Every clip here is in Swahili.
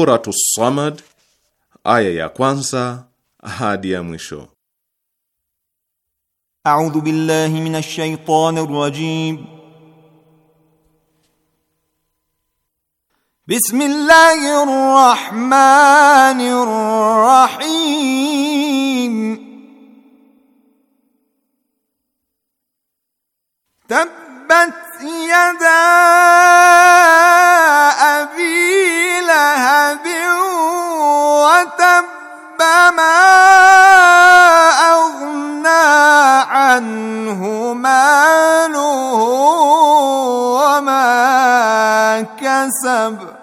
Suratu Samad aya ya kwanza hadi ya mwisho. A'udhu billahi minash shaitani rajim. Bismillahir rahmanir rahim. Tabbat yada حسب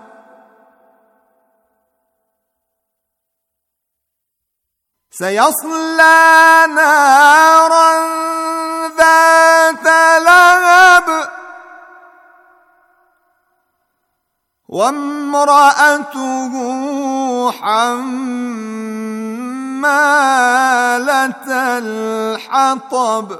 سيصلى نارا ذات لهب وامرأته حمالة الحطب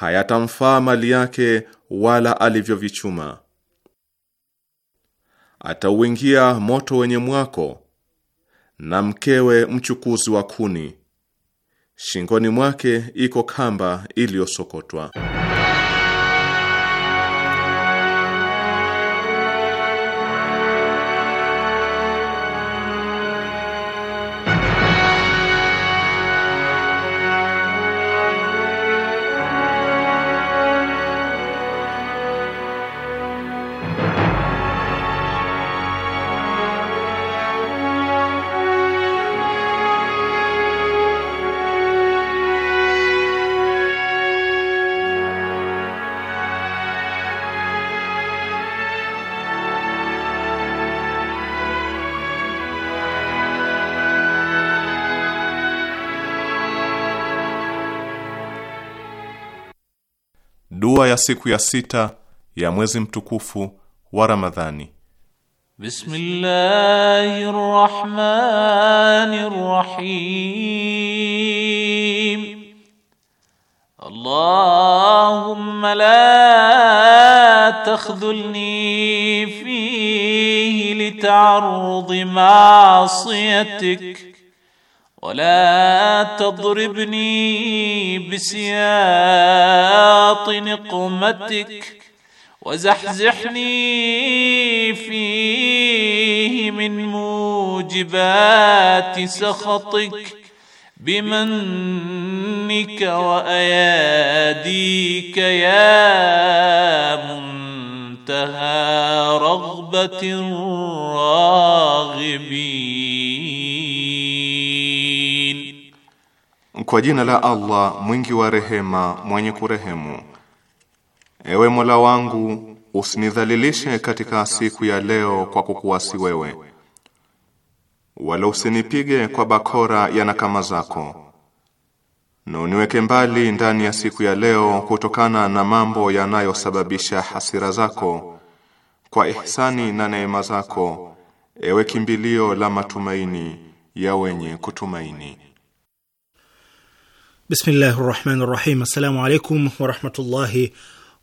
hayatamfaa mali yake wala alivyovichuma. Atauingia moto wenye mwako, na mkewe mchukuzi wa kuni. Shingoni mwake iko kamba iliyosokotwa. ya siku ya sita ya mwezi mtukufu wa Ramadhani. Bismillahir Rahmanir Rahim. Allahumma la takhdhulni fihi litaarudi ma'siyatik ولا تضربني بسياط نقمتك وزحزحني فيه من موجبات سخطك بمنك واياديك يا منتهى رغبه الراغبين Kwa jina la Allah mwingi wa rehema mwenye kurehemu. Ewe Mola wangu usinidhalilishe katika siku ya leo kwa kukuasi wewe, wala usinipige kwa bakora ya nakama zako, na uniweke mbali ndani ya siku ya leo kutokana na mambo yanayosababisha hasira zako, kwa ihsani na neema zako, ewe kimbilio la matumaini ya wenye kutumaini. Bismillahi rahmani rahim. Assalamu alaikum warahmatullahi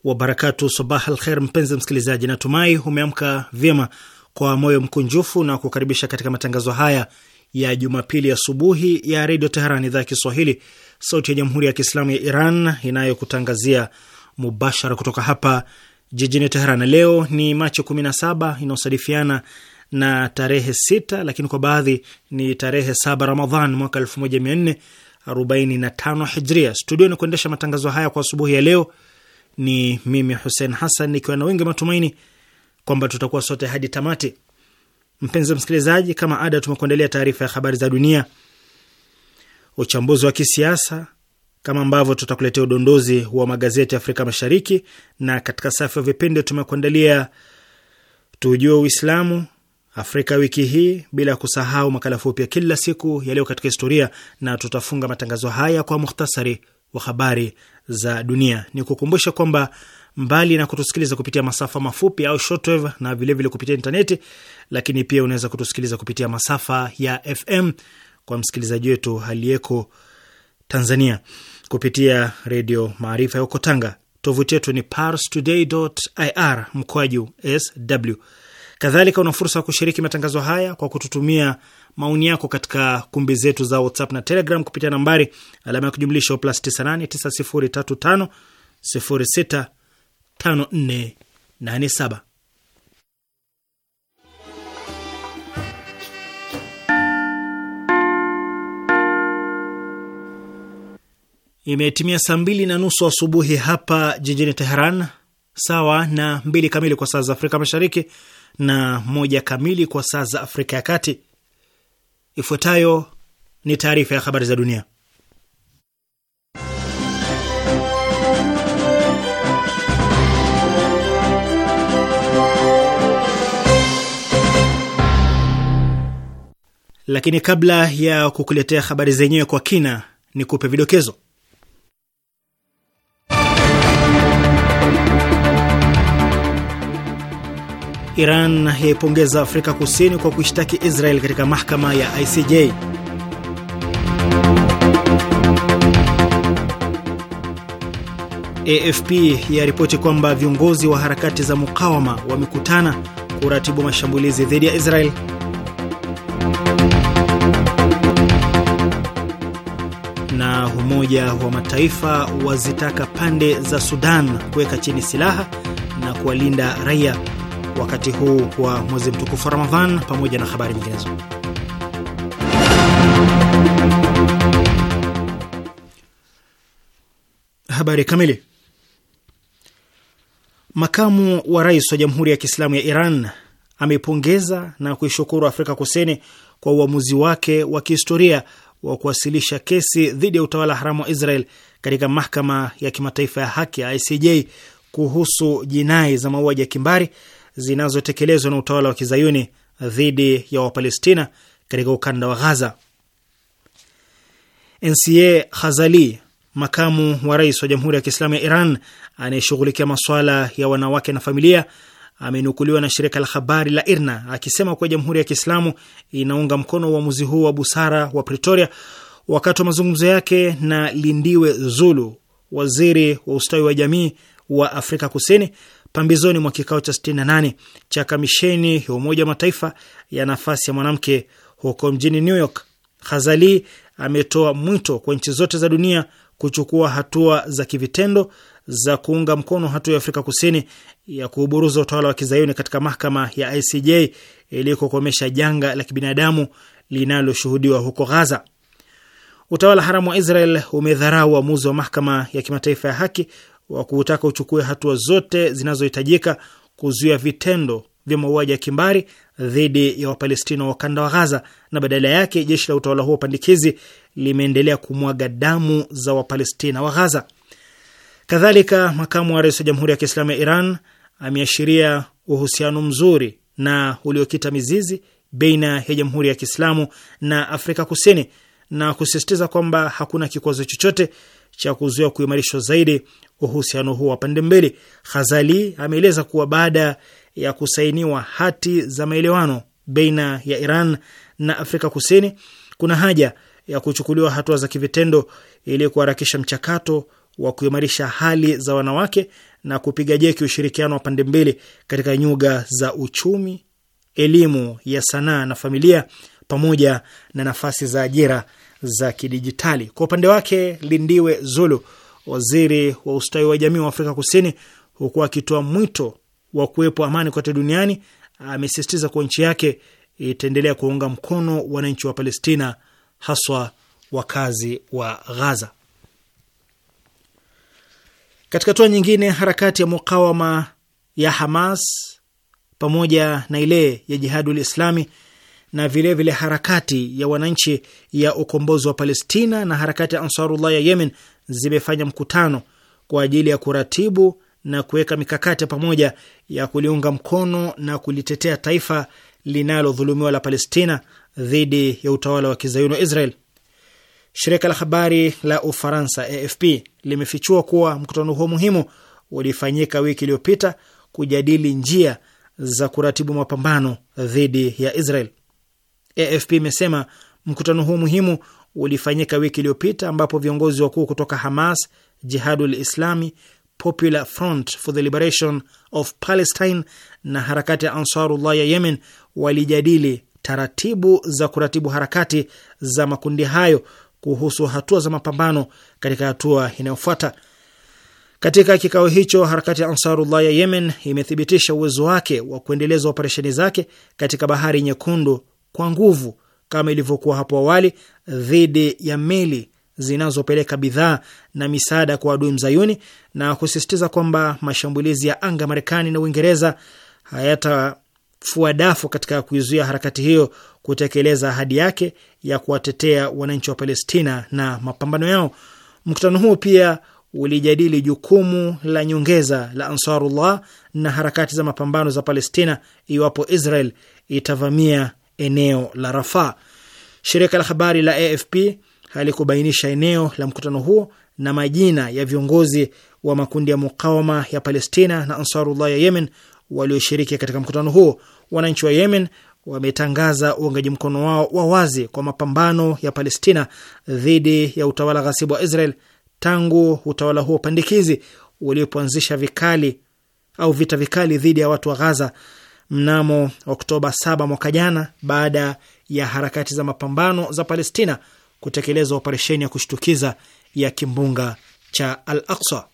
wabarakatu. Sabah alkher, mpenzi msikilizaji, natumai umeamka vyema kwa moyo mkunjufu na kukaribisha katika matangazo haya ya Jumapili asubuhi ya, ya Redio Teheran, idhaa ya Kiswahili, sauti ya Jamhuri ya Kiislamu ya Iran inayokutangazia mubashara kutoka hapa jijini Teheran. Leo ni Machi 17 inayosadifiana na tarehe 6 lakini kwa baadhi ni tarehe 7 Ramadhan mwaka 1400 45 hijria. ni kuendesha matangazo haya kwa asubuhi ya leo ni mimi Hussein Hassan, nikiwa na wengi matumaini kwamba tutakuwa sote hadi tamati. Mpenzi msikilizaji, kama ada, tumekuandalia taarifa ya habari za dunia, uchambuzi wa kisiasa, kama ambavyo tutakuletea udondozi wa magazeti ya Afrika Mashariki, na katika safu ya vipindi tumekuandalia tujue Uislamu, Afrika wiki hii, bila ya kusahau makala fupi ya kila siku yaliyo katika historia, na tutafunga matangazo haya kwa muhtasari wa habari za dunia. Ni kukumbusha kwamba mbali na kutusikiliza kupitia masafa mafupi au shortwave na vilevile vile kupitia intaneti, lakini pia unaweza kutusikiliza kupitia masafa ya FM kwa msikilizaji wetu aliyeko Tanzania kupitia Redio Maarifa ya huko Tanga. Tovuti yetu ni parstoday.ir mkwaju sw Kadhalika una fursa ya kushiriki matangazo haya kwa kututumia maoni yako katika kumbi zetu za WhatsApp na Telegram kupitia nambari alama ya kujumlisha plus 98 9035065487. Imetimia saa mbili na nusu asubuhi hapa jijini Teheran, sawa na mbili kamili kwa saa za Afrika Mashariki na moja kamili kwa saa za Afrika ya Kati. Ifuatayo ni taarifa ya habari za dunia, lakini kabla ya kukuletea habari zenyewe kwa kina, ni kupe vidokezo Iran yaipongeza Afrika Kusini kwa kuishtaki Israel katika mahakama ya ICJ. AFP yaripoti kwamba viongozi wa harakati za mukawama wamekutana kuratibu mashambulizi dhidi ya Israel. Na Umoja wa Mataifa wazitaka pande za Sudan kuweka chini silaha na kuwalinda raia wakati huu wa mwezi mtukufu Ramadhan, pamoja na habari nyinginezo. Habari kamili. Makamu wa rais wa Jamhuri ya Kiislamu ya Iran ameipongeza na kuishukuru Afrika Kusini kwa uamuzi wake wa kihistoria wa kuwasilisha kesi dhidi ya utawala haramu wa Israel katika mahakama ya kimataifa ya haki ya ICJ kuhusu jinai za mauaji ya kimbari zinazotekelezwa na utawala wa kizayuni dhidi ya Wapalestina katika ukanda wa Ghaza. NCA Khazali, makamu wa rais wa Jamhuri ya Kiislamu ya Iran anayeshughulikia masuala ya wanawake na familia, amenukuliwa na shirika la habari la IRNA akisema kuwa Jamhuri ya Kiislamu inaunga mkono uamuzi huu wa busara wa Pretoria wakati wa mazungumzo yake na Lindiwe Zulu, waziri wa ustawi wa jamii wa Afrika Kusini, pambizoni mwa kikao cha 68 cha kamisheni ya Umoja wa Mataifa ya nafasi ya mwanamke huko mjini New York. Khazali ametoa mwito kwa nchi zote za dunia kuchukua hatua za kivitendo za kuunga mkono hatua ya Afrika Kusini ya kuuburuza utawala wa kizayuni katika mahakama ya ICJ ili kukomesha janga la kibinadamu linaloshuhudiwa huko Ghaza. Utawala haramu wa Israel umedharau uamuzi wa mahakama ya kimataifa ya haki wa kuutaka uchukue hatua zote zinazohitajika kuzuia vitendo vya mauaji ya kimbari dhidi ya Wapalestina wa ukanda wa Ghaza, na badala yake jeshi la utawala huo pandikizi limeendelea kumwaga damu za Wapalestina wa Ghaza. Kadhalika, makamu wa rais wa Jamhuri ya Kiislamu ya Iran ameashiria uhusiano mzuri na uliokita mizizi baina ya Jamhuri ya Kiislamu na Afrika Kusini na kusisitiza kwamba hakuna kikwazo chochote cha kuzuia kuimarishwa zaidi uhusiano huo wa pande mbili. Khazali ameeleza kuwa baada ya kusainiwa hati za maelewano baina ya Iran na Afrika Kusini, kuna haja ya kuchukuliwa hatua za kivitendo ili kuharakisha mchakato wa kuimarisha hali za wanawake na kupiga jeki ushirikiano wa pande mbili katika nyuga za uchumi, elimu ya sanaa na familia, pamoja na nafasi za ajira za kidijitali. Kwa upande wake, Lindiwe Zulu waziri wa ustawi wa jamii wa Afrika Kusini, huku akitoa mwito wa kuwepo amani kote duniani, amesisitiza kuwa nchi yake itaendelea kuwaunga mkono wananchi wa Palestina, haswa wakazi wa Ghaza. Katika hatua nyingine, harakati ya mukawama ya Hamas pamoja na ile ya Jihadul Islami na vilevile vile harakati ya wananchi ya ukombozi wa Palestina na harakati ya Ansarullah ya Yemen zimefanya mkutano kwa ajili ya kuratibu na kuweka mikakati ya pamoja ya kuliunga mkono na kulitetea taifa linalodhulumiwa la Palestina dhidi ya utawala wa kizayuni wa Israel. Shirika la habari la Ufaransa AFP limefichua kuwa mkutano huo muhimu ulifanyika wiki iliyopita kujadili njia za kuratibu mapambano dhidi ya Israel. AFP imesema mkutano huu muhimu ulifanyika wiki iliyopita ambapo viongozi wakuu kutoka Hamas, Jihadul Islami, Popular Front for the Liberation of Palestine na harakati ya Ansarullah ya Yemen walijadili taratibu za kuratibu harakati za makundi hayo kuhusu hatua za mapambano katika hatua inayofuata. Katika kikao hicho, harakati ya Ansarullah ya Yemen imethibitisha uwezo wake wa kuendeleza operesheni zake katika Bahari Nyekundu kwa nguvu kama ilivyokuwa hapo awali dhidi ya meli zinazopeleka bidhaa na misaada kwa adui mzayuni na kusisitiza kwamba mashambulizi ya anga Marekani na Uingereza hayatafua dafu katika kuizuia harakati hiyo kutekeleza ahadi yake ya kuwatetea wananchi wa Palestina na mapambano yao. Mkutano huu pia ulijadili jukumu la nyongeza la Ansarullah na harakati za mapambano za Palestina iwapo Israel itavamia eneo la Rafaa. Shirika la habari la AFP halikubainisha eneo la mkutano huo na majina ya viongozi wa makundi ya mukawama ya Palestina na Ansarullah ya Yemen walioshiriki katika mkutano huo. Wananchi wa Yemen wametangaza uungaji mkono wao wa wazi kwa mapambano ya Palestina dhidi ya utawala ghasibu wa Israel tangu utawala huo pandikizi ulipoanzisha vikali au vita vikali dhidi ya watu wa Ghaza mnamo Oktoba 7 mwaka jana, baada ya harakati za mapambano za Palestina kutekeleza operesheni ya kushtukiza ya kimbunga cha Al Aksa.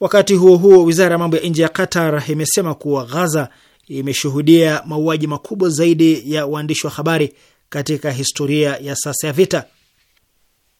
Wakati huo huo, wizara ya mambo ya nje ya Qatar imesema kuwa Ghaza imeshuhudia mauaji makubwa zaidi ya waandishi wa habari katika historia ya sasa ya vita.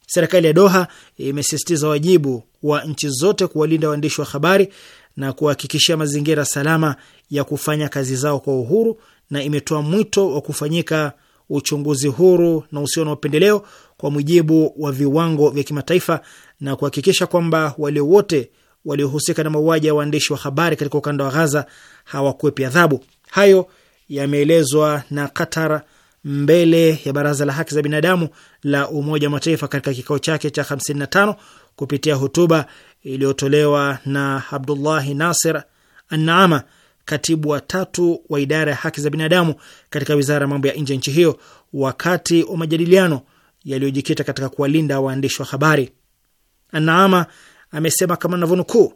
Serikali ya Doha imesisitiza wajibu wa nchi zote kuwalinda waandishi wa habari na kuhakikishia mazingira salama ya kufanya kazi zao kwa uhuru na imetoa mwito wa kufanyika uchunguzi huru na usio na upendeleo kwa mujibu wa viwango vya kimataifa na kuhakikisha kwamba wale wote waliohusika na mauaji ya waandishi wa habari katika ukanda wa Ghaza hawakwepi adhabu. Hayo yameelezwa na Qatar mbele ya Baraza la Haki za Binadamu la Umoja wa Mataifa katika kikao chake cha 55 kupitia hotuba iliyotolewa na Abdullahi Nasir Annaama, katibu wa tatu wa idara ya haki za binadamu katika wizara ya mambo ya nje ya nchi hiyo, wakati wa majadiliano yaliyojikita katika kuwalinda waandishi wa habari. Annaama amesema kama navyonukuu,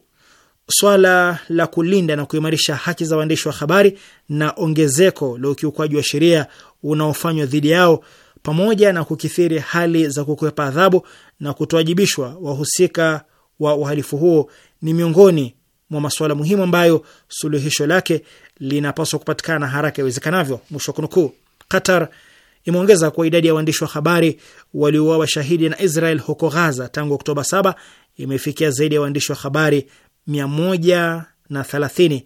swala la kulinda na kuimarisha haki za waandishi wa habari na ongezeko la ukiukwaji wa sheria unaofanywa dhidi yao pamoja na kukithiri hali za kukwepa adhabu na kutoajibishwa wahusika wa uhalifu huo ni miongoni mwa masuala muhimu ambayo suluhisho lake linapaswa kupatikana haraka iwezekanavyo. Mwisho wa kunukuu. Qatar imeongeza kuwa idadi ya waandishi wa habari waliouawa shahidi na Israel huko Ghaza tangu Oktoba 7 imefikia zaidi ya waandishi wa habari 130,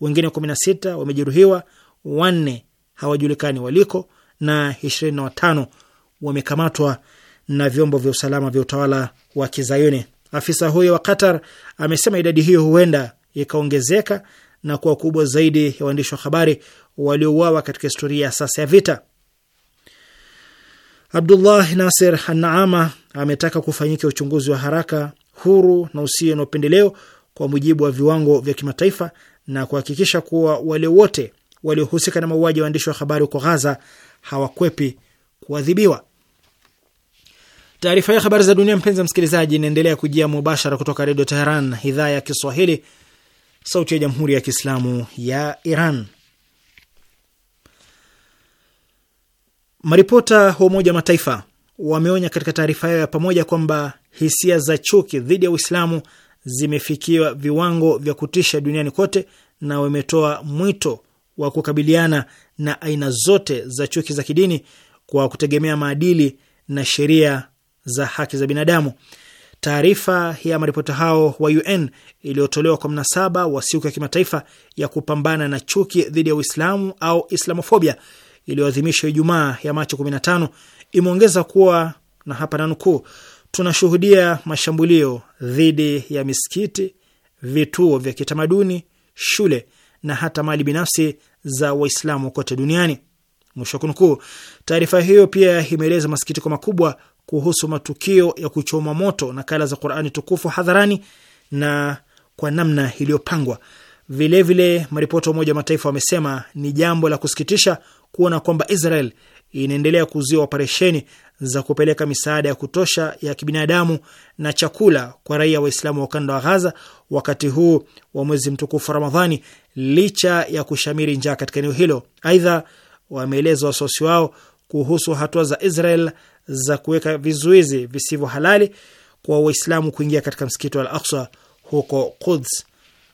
wengine 16 wamejeruhiwa, wanne hawajulikani waliko na 25 wamekamatwa na vyombo vya usalama vya utawala wa Kizayuni. Afisa huyo wa Qatar amesema idadi hiyo huenda ikaongezeka na kuwa kubwa zaidi ya waandishi wa habari waliouawa katika historia ya sasa ya vita. Abdullah Nasir Anaama ametaka kufanyika uchunguzi wa haraka, huru na usio na upendeleo kwa mujibu wa viwango vya kimataifa na kuhakikisha kuwa wale wote waliohusika na mauaji ya waandishi wa habari huko Ghaza hawakwepi kuadhibiwa. Taarifa ya habari za dunia, mpenzi msikilizaji, inaendelea kujia mubashara kutoka Redio Teheran, idhaa ya Kiswahili, sauti ya Jamhuri ya Kiislamu ya Iran. Maripota wa Umoja wa Mataifa wameonya katika taarifa yao ya pamoja kwamba hisia za chuki dhidi ya Uislamu zimefikiwa viwango vya kutisha duniani kote na wametoa mwito wa kukabiliana na aina zote za chuki za kidini kwa kutegemea maadili na sheria za haki za binadamu. Taarifa ya maripoti hao wa UN iliyotolewa kwa mnasaba wa siku ya kimataifa ya kupambana na chuki dhidi ya Uislamu au Islamofobia iliyoadhimishwa Ijumaa ya Machi 15 imeongeza kuwa na hapa na nukuu, tunashuhudia mashambulio dhidi ya misikiti, vituo vya kitamaduni, shule na hata mali binafsi za Waislamu kote duniani, mwisho wa kunukuu. Taarifa hiyo pia imeeleza masikitiko makubwa kuhusu matukio ya kuchoma moto nakala za Qurani tukufu hadharani na kwa namna iliyopangwa. Vilevile, maripoti wa Umoja wa Mataifa wamesema ni jambo la kusikitisha kuona kwamba Israel inaendelea kuzuia operesheni za kupeleka misaada ya kutosha ya kibinadamu na chakula kwa raia Waislamu wa ukanda wa Ghaza wakati huu wa mwezi mtukufu Ramadhani, licha ya kushamiri njaa katika eneo hilo. Aidha, wameeleza wasiwasi wao kuhusu hatua za Israel za kuweka vizuizi visivyo halali kwa Waislamu kuingia katika msikiti wa Al-Aqsa huko Quds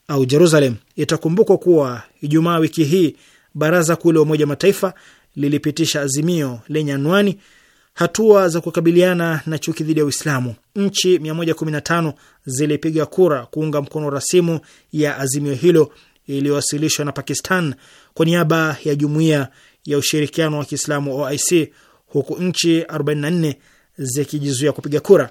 au Jerusalem. Itakumbukwa kuwa Ijumaa wiki hii Baraza Kuu la Umoja Mataifa lilipitisha azimio lenye anwani hatua za kukabiliana na chuki dhidi ya Uislamu. Nchi 115 zilipiga kura kuunga mkono rasimu ya azimio hilo iliyowasilishwa na Pakistan kwa niaba ya jumuiya ya ushirikiano wa Kiislamu OIC, huku nchi 44 zikijizuia kupiga kura.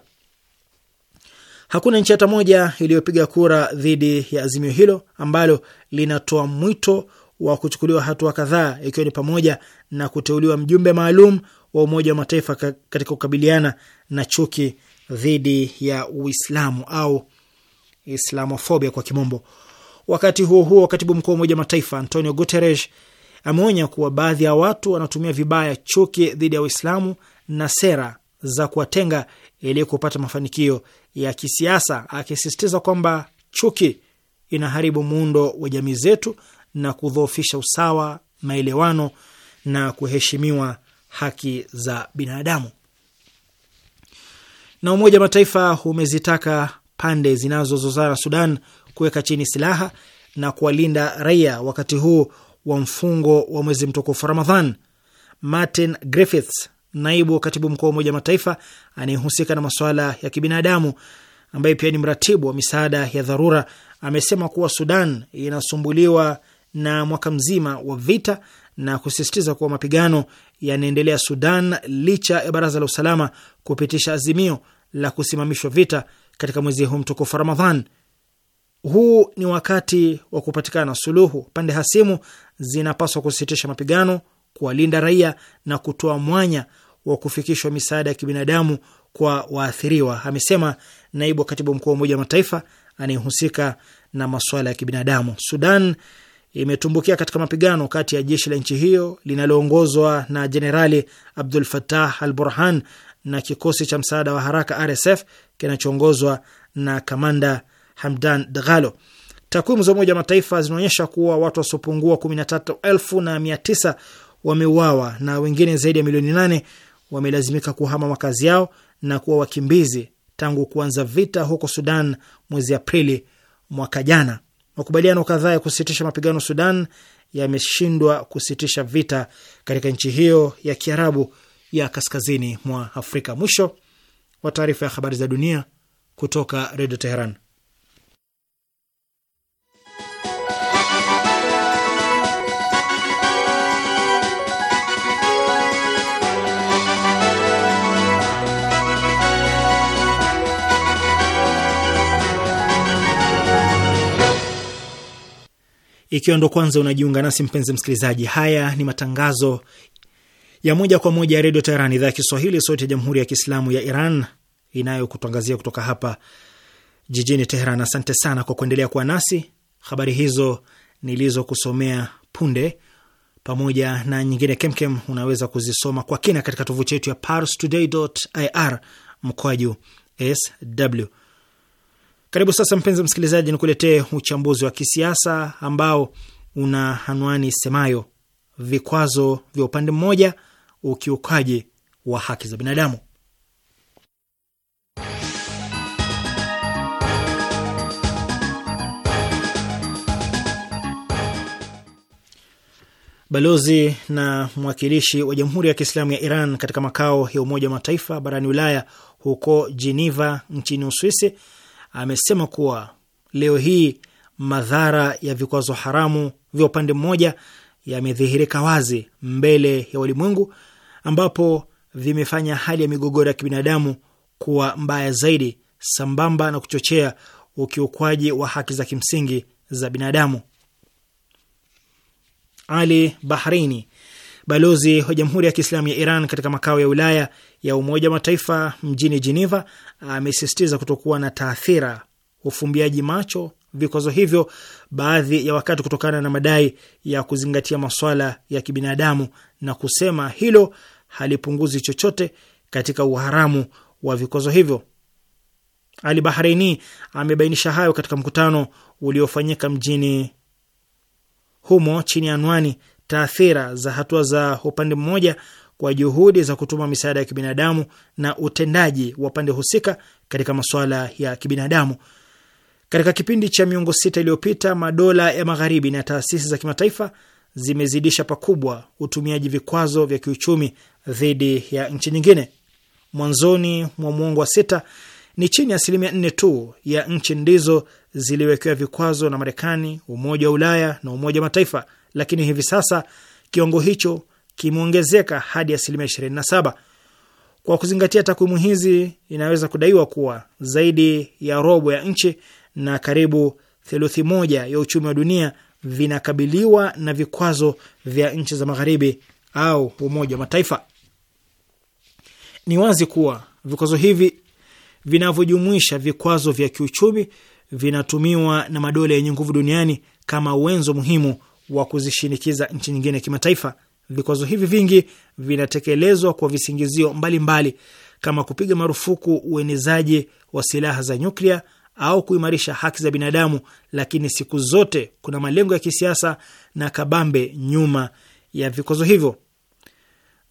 Hakuna nchi hata moja iliyopiga kura dhidi ya azimio hilo ambalo linatoa mwito wa kuchukuliwa hatua kadhaa, ikiwa ni pamoja na kuteuliwa mjumbe maalum wa Umoja wa Mataifa katika kukabiliana na chuki dhidi ya Uislamu au islamofobia kwa kimombo. Wakati huo huo, katibu mkuu wa Umoja wa Mataifa Antonio Guterres Ameonya kuwa baadhi ya watu wanatumia vibaya chuki dhidi ya Waislamu na sera za kuwatenga ili kupata mafanikio ya kisiasa, akisisitiza kwamba chuki inaharibu muundo wa jamii zetu na kudhoofisha usawa, maelewano na kuheshimiwa haki za binadamu. Na Umoja wa Mataifa umezitaka pande zinazozozana Sudan kuweka chini silaha na kuwalinda raia wakati huu wa mfungo wa mwezi mtukufu Ramadhan. Martin Griffiths, naibu katibu mkuu wa Umoja Mataifa anayehusika na masuala ya kibinadamu, ambaye pia ni mratibu wa misaada ya dharura, amesema kuwa Sudan inasumbuliwa na mwaka mzima wa vita na kusisitiza kuwa mapigano yanaendelea Sudan licha ya Baraza la Usalama kupitisha azimio la kusimamishwa vita katika mwezi huu mtukufu Ramadhan huu ni wakati wa kupatikana suluhu. Pande hasimu zinapaswa kusitisha mapigano, kuwalinda raia na kutoa mwanya wa kufikishwa misaada ya kibinadamu kwa waathiriwa, amesema naibu katibu mkuu wa Umoja wa Mataifa anayehusika na masuala ya kibinadamu. Sudan imetumbukia katika mapigano kati ya jeshi la nchi hiyo linaloongozwa na Jenerali Abdul fatah al Burhan na kikosi cha msaada wa haraka RSF kinachoongozwa na kamanda Hamdan Dagalo. Takwimu za Umoja wa Mataifa zinaonyesha kuwa watu wasiopungua elfu wameuawa na wengine zaidi ya milioni nane wamelazimika kuhama makazi yao na kuwa wakimbizi tangu kuanza vita huko Sudan mwezi Aprili mwaka jana. Makubaliano kadhaa ya kusitisha mapigano Sudan yameshindwa kusitisha vita katika nchi hiyo ya Kiarabu ya kaskazini mwa Afrika. Mwisho wa taarifa ya habari za dunia kutoka Redio Teheran. Ikiwa ndo kwanza unajiunga nasi, mpenzi msikilizaji, haya ni matangazo ya moja kwa moja ya Redio Teheran, idhaa ya Kiswahili, sauti ya Jamhuri ya Kiislamu ya Iran inayokutangazia kutoka hapa jijini Teheran. Asante sana kwa kuendelea kuwa nasi. Habari hizo nilizokusomea punde pamoja na nyingine kemkem unaweza kuzisoma kwa kina katika tovuti yetu ya parstoday.ir mkwaju sw karibu sasa, mpenzi msikilizaji, nikuletee uchambuzi wa kisiasa ambao una anwani semayo vikwazo vya upande mmoja, ukiukaji wa haki za binadamu. Balozi na mwakilishi wa Jamhuri ya Kiislamu ya Iran katika makao ya Umoja wa Mataifa barani Ulaya huko Geneva nchini Uswisi amesema kuwa leo hii madhara ya vikwazo haramu vya upande mmoja yamedhihirika wazi mbele ya walimwengu, ambapo vimefanya hali ya migogoro ya kibinadamu kuwa mbaya zaidi, sambamba na kuchochea ukiukwaji wa haki za kimsingi za binadamu. Ali Bahreini Balozi wa Jamhuri ya Kiislamu ya Iran katika makao ya Ulaya ya Umoja wa Mataifa mjini Geneva amesisitiza kutokuwa na taathira ufumbiaji macho vikwazo hivyo baadhi ya wakati kutokana na madai ya kuzingatia maswala ya kibinadamu na kusema hilo halipunguzi chochote katika uharamu wa vikwazo hivyo. Ali Bahreini amebainisha hayo katika mkutano uliofanyika mjini humo chini ya anwani taathira za hatua za upande mmoja kwa juhudi za kutuma misaada ya kibinadamu na utendaji wa pande husika katika masuala ya kibinadamu. Katika kipindi cha miongo sita iliyopita, madola ya magharibi na taasisi za kimataifa zimezidisha pakubwa utumiaji vikwazo vya kiuchumi dhidi ya nchi nyingine. Mwanzoni mwa muongo wa sita, ni chini ya asilimia nne tu ya nchi ndizo ziliwekewa vikwazo na Marekani, Umoja wa Ulaya na Umoja wa Mataifa lakini hivi sasa kiwango hicho kimeongezeka hadi asilimia saba. Kwa kuzingatia takwimu hizi, inaweza kudaiwa kuwa zaidi ya robo ya nchi na karibu theluthi moja ya uchumi wa dunia vinakabiliwa na vikwazo vya nchi za magharibi au Umoja wa Mataifa. Ni wazi kuwa vikwazo hivi vinavyojumuisha vikwazo vya kiuchumi vinatumiwa na madola yenye nguvu duniani kama wenzo muhimu wa kuzishinikiza nchi nyingine kimataifa. Vikwazo hivi vingi vinatekelezwa kwa visingizio mbalimbali mbali, kama kupiga marufuku uenezaji wa silaha za nyuklia au kuimarisha haki za binadamu, lakini siku zote kuna malengo ya kisiasa na kabambe nyuma ya vikwazo hivyo.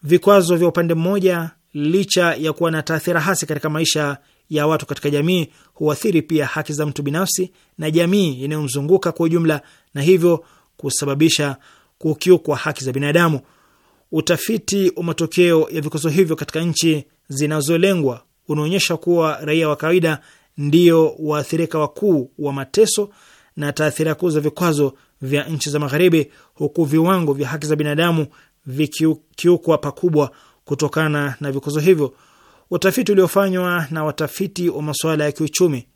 Vikwazo vya upande mmoja, licha ya kuwa na taathira hasi katika maisha ya watu katika jamii, huathiri pia haki za mtu binafsi na jamii inayomzunguka kwa ujumla, na hivyo kusababisha kukiukwa haki za binadamu. Utafiti wa matokeo ya vikwazo hivyo katika nchi zinazolengwa unaonyesha kuwa raia wa kawaida ndio waathirika wakuu wa mateso na taathira kuu za vikwazo vya nchi za Magharibi, huku viwango vya haki za binadamu vikiukwa pakubwa kutokana na vikwazo hivyo. Utafiti uliofanywa na watafiti wa masuala ya kiuchumi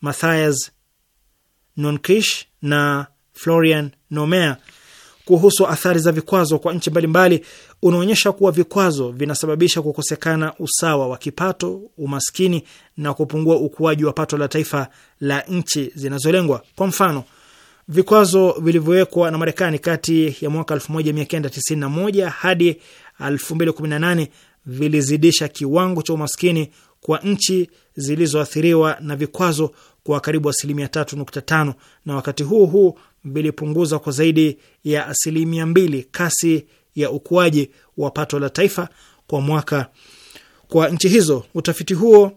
Mathias Nonkish na Florian Nomea kuhusu athari za vikwazo kwa nchi mbalimbali unaonyesha kuwa vikwazo vinasababisha kukosekana usawa wa kipato, umaskini na kupungua ukuaji wa pato la taifa la nchi zinazolengwa. Kwa mfano, vikwazo vilivyowekwa na Marekani kati ya mwaka 1991 hadi 2018 vilizidisha kiwango cha umaskini kwa nchi zilizoathiriwa na vikwazo kwa karibu asilimia 3.5 na wakati huo huo vilipunguzwa kwa zaidi ya asilimia mbili kasi ya ukuaji wa pato la taifa kwa mwaka kwa nchi hizo. Utafiti huo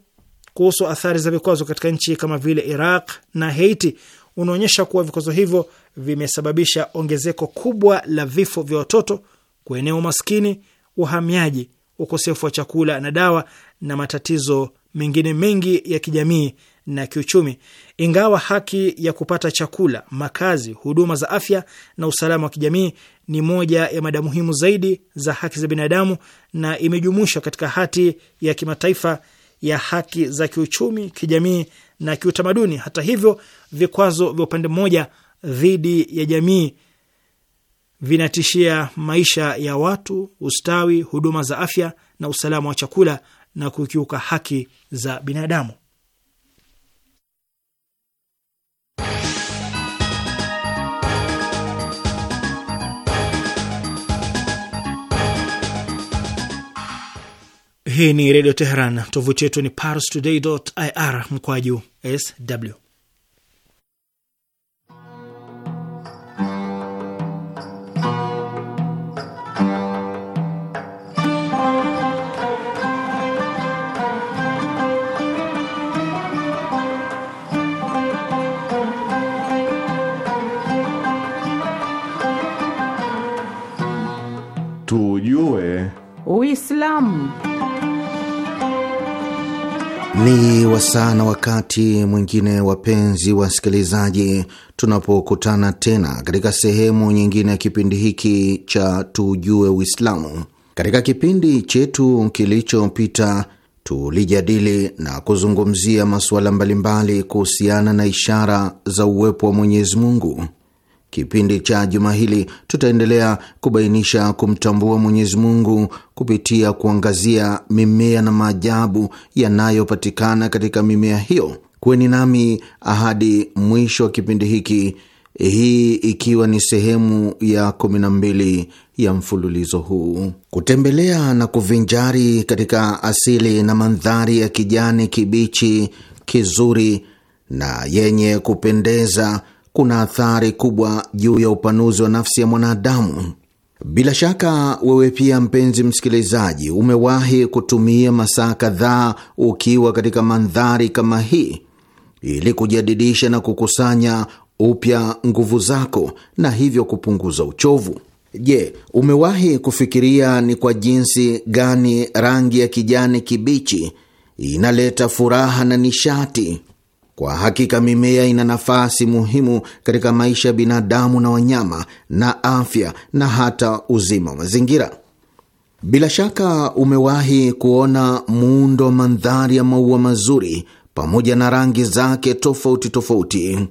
kuhusu athari za vikwazo katika nchi kama vile Iraq na Haiti unaonyesha kuwa vikwazo hivyo vimesababisha ongezeko kubwa la vifo vya watoto, kuenea umaskini, uhamiaji, ukosefu wa chakula na dawa na matatizo mengine mengi ya kijamii na kiuchumi. Ingawa haki ya kupata chakula, makazi, huduma za afya na usalama wa kijamii ni moja ya mada muhimu zaidi za haki za binadamu na imejumuishwa katika hati ya kimataifa ya haki za kiuchumi, kijamii na kiutamaduni. Hata hivyo, vikwazo vya upande mmoja dhidi ya jamii vinatishia maisha ya watu, ustawi, huduma za afya na usalama wa chakula na kukiuka haki za binadamu. Hii ni Redio Teheran. Tovuti yetu ni parstoday.ir mkwaju sw. Tujue Uislamu. Ni wasana wakati mwingine, wapenzi wasikilizaji, tunapokutana tena katika sehemu nyingine ya kipindi hiki cha Tujue Uislamu. Katika kipindi chetu kilichopita tulijadili na kuzungumzia masuala mbalimbali kuhusiana na ishara za uwepo wa Mwenyezi Mungu. Kipindi cha juma hili tutaendelea kubainisha kumtambua Mwenyezi Mungu kupitia kuangazia mimea na maajabu yanayopatikana katika mimea hiyo. Kuweni nami ahadi mwisho wa kipindi hiki, hii ikiwa ni sehemu ya kumi na mbili ya mfululizo huu. Kutembelea na kuvinjari katika asili na mandhari ya kijani kibichi kizuri na yenye kupendeza kuna athari kubwa juu ya upanuzi wa nafsi ya mwanadamu. Bila shaka wewe pia mpenzi msikilizaji, umewahi kutumia masaa kadhaa ukiwa katika mandhari kama hii ili kujadidisha na kukusanya upya nguvu zako na hivyo kupunguza uchovu. Je, umewahi kufikiria ni kwa jinsi gani rangi ya kijani kibichi inaleta furaha na nishati kwa hakika mimea ina nafasi muhimu katika maisha ya binadamu na wanyama na afya na hata uzima wa mazingira. Bila shaka umewahi kuona muundo wa mandhari ya maua mazuri pamoja na rangi zake tofauti tofauti.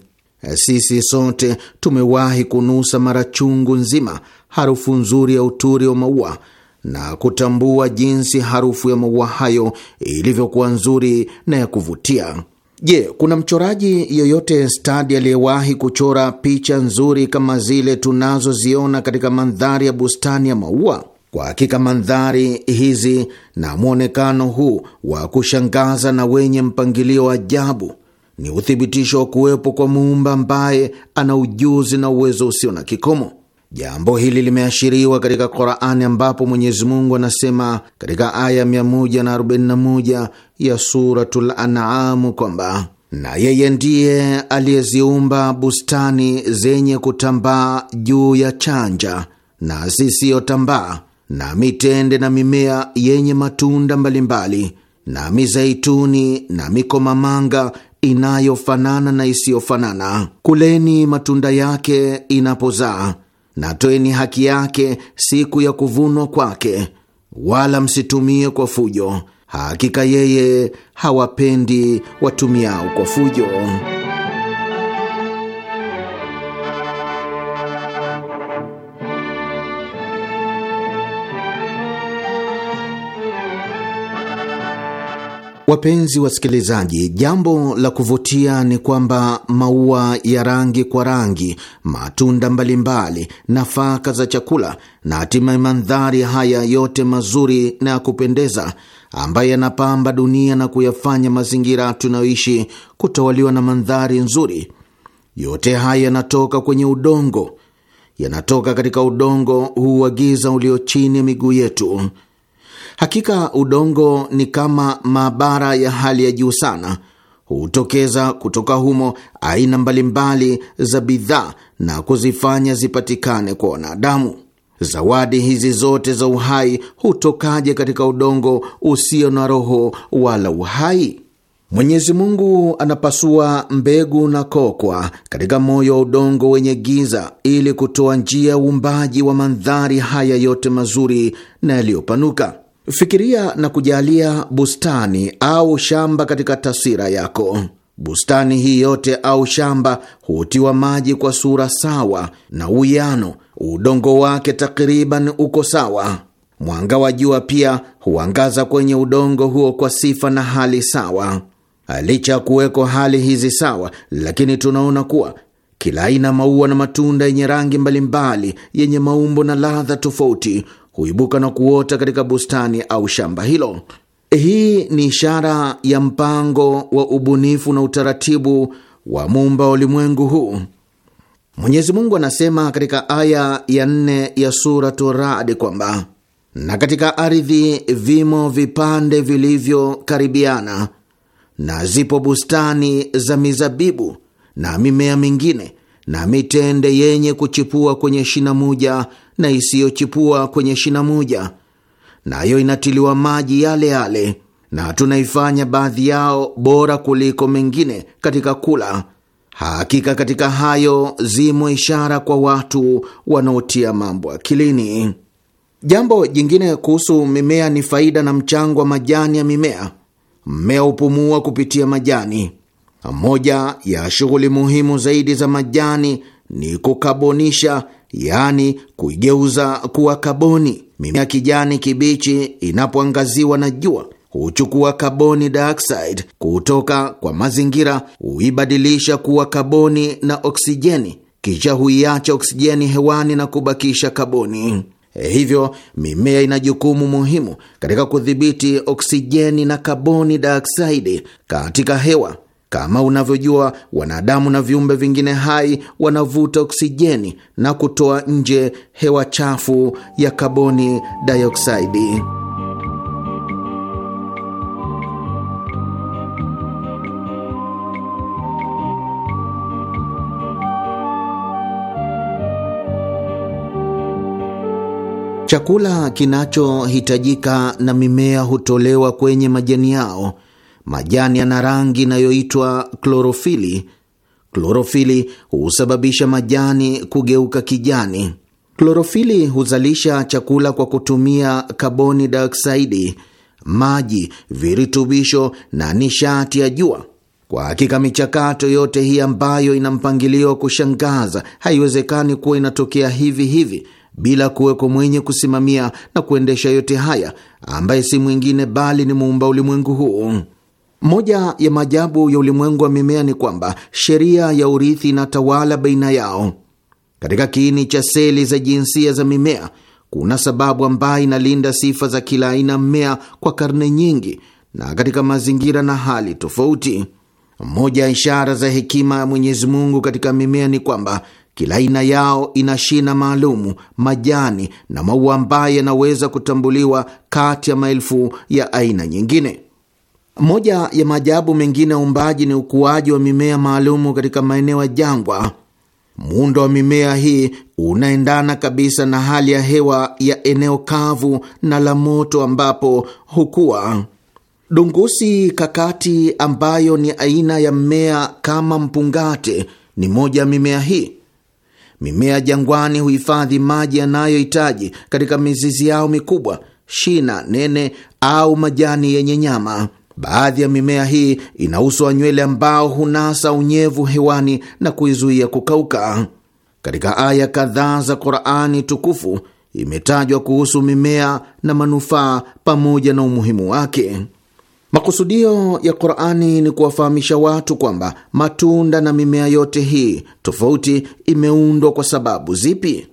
Sisi sote tumewahi kunusa mara chungu nzima harufu nzuri ya uturi wa maua na kutambua jinsi harufu ya maua hayo ilivyokuwa nzuri na ya kuvutia. Je, kuna mchoraji yoyote stadi aliyewahi kuchora picha nzuri kama zile tunazoziona katika mandhari ya bustani ya maua? Kwa hakika mandhari hizi na mwonekano huu wa kushangaza na wenye mpangilio wa ajabu ni uthibitisho wa kuwepo kwa muumba ambaye ana ujuzi na uwezo usio na kikomo. Jambo hili limeashiriwa katika Korani ambapo Mwenyezi Mungu anasema katika aya 141 ya Suratul Anamu kwamba na yeye ndiye aliyeziumba bustani zenye kutambaa juu ya chanja na zisiyotambaa na mitende na mimea yenye matunda mbalimbali na mizeituni na mikomamanga inayofanana na isiyofanana, kuleni matunda yake inapozaa na toeni haki yake siku ya kuvunwa kwake, wala msitumie kwa fujo. Hakika yeye hawapendi watumiao kwa fujo. Wapenzi wasikilizaji, jambo la kuvutia ni kwamba maua ya rangi kwa rangi, matunda mbalimbali, nafaka za chakula na hatimaye mandhari haya yote mazuri na ya kupendeza ambayo yanapamba dunia na kuyafanya mazingira tunayoishi kutawaliwa na mandhari nzuri, yote haya yanatoka kwenye udongo, yanatoka katika udongo huu wa giza ulio chini ya miguu yetu. Hakika udongo ni kama maabara ya hali ya juu sana, hutokeza kutoka humo aina mbalimbali za bidhaa na kuzifanya zipatikane kwa wanadamu. Zawadi hizi zote za uhai hutokaje katika udongo usio na roho wala uhai? Mwenyezi Mungu anapasua mbegu na kokwa katika moyo wa udongo wenye giza ili kutoa njia ya uumbaji wa mandhari haya yote mazuri na yaliyopanuka. Fikiria na kujalia bustani au shamba katika taswira yako. Bustani hii yote au shamba hutiwa maji kwa sura sawa na uwiano, udongo wake takriban uko sawa. Mwanga wa jua pia huangaza kwenye udongo huo kwa sifa na hali sawa. Licha ya kuweko hali hizi sawa, lakini tunaona kuwa kila aina maua na matunda yenye rangi mbalimbali, yenye maumbo na ladha tofauti huibuka na kuota katika bustani au shamba hilo. Hii ni ishara ya mpango wa ubunifu na utaratibu wa muumba ulimwengu huu. Mwenyezi Mungu anasema katika aya ya nne ya Suratu Radi kwamba na katika ardhi vimo vipande vilivyokaribiana, na zipo bustani za mizabibu na mimea mingine na mitende yenye kuchipua kwenye shina moja na isiyochipua kwenye shina moja, nayo inatiliwa maji yale yale, na tunaifanya baadhi yao bora kuliko mengine katika kula. Hakika katika hayo zimo ishara kwa watu wanaotia mambo akilini. Jambo jingine kuhusu mimea ni faida na mchango wa majani ya mimea. Mmea hupumua kupitia majani. Moja ya shughuli muhimu zaidi za majani ni kukabonisha yaani kuigeuza kuwa kaboni. Mimea kijani kibichi inapoangaziwa na jua huchukua kaboni dioxide kutoka kwa mazingira, huibadilisha kuwa kaboni na oksijeni, kisha huiacha oksijeni hewani na kubakisha kaboni. Hivyo mimea ina jukumu muhimu katika kudhibiti oksijeni na kaboni dioksidi katika hewa kama unavyojua, wanadamu na viumbe vingine hai wanavuta oksijeni na kutoa nje hewa chafu ya kaboni dioksidi. Chakula kinachohitajika na mimea hutolewa kwenye majani yao majani yana rangi inayoitwa klorofili. Klorofili husababisha majani kugeuka kijani. Klorofili huzalisha chakula kwa kutumia kaboni dioksaidi maji, virutubisho na nishati ya jua. Kwa hakika michakato yote hii ambayo ina mpangilio wa kushangaza haiwezekani kuwa inatokea hivi hivi bila kuweko mwenye kusimamia na kuendesha yote haya ambaye si mwingine bali ni muumba ulimwengu huu. Moja ya maajabu ya ulimwengu wa mimea ni kwamba sheria ya urithi inatawala baina yao. Katika kiini cha seli za jinsia za mimea kuna sababu ambayo inalinda sifa za kila aina mmea kwa karne nyingi na katika mazingira na hali tofauti. Moja ya ishara za hekima ya Mwenyezi Mungu katika mimea ni kwamba kila aina yao ina shina maalumu, majani na maua ambayo yanaweza kutambuliwa kati ya maelfu ya aina nyingine. Moja ya maajabu mengine ya uumbaji ni ukuaji wa mimea maalumu katika maeneo ya jangwa. Muundo wa mimea hii unaendana kabisa na hali ya hewa ya eneo kavu na la moto ambapo hukua. Dungusi kakati, ambayo ni aina ya mmea kama mpungate, ni moja ya mimea hii. Mimea jangwani huhifadhi maji yanayohitaji katika mizizi yao mikubwa, shina nene au majani yenye nyama. Baadhi ya mimea hii ina uso wa nywele ambao hunasa unyevu hewani na kuizuia kukauka. Katika aya kadhaa za Qur'ani tukufu imetajwa kuhusu mimea na manufaa pamoja na umuhimu wake. Makusudio ya Qur'ani ni kuwafahamisha watu kwamba matunda na mimea yote hii tofauti imeundwa kwa sababu zipi?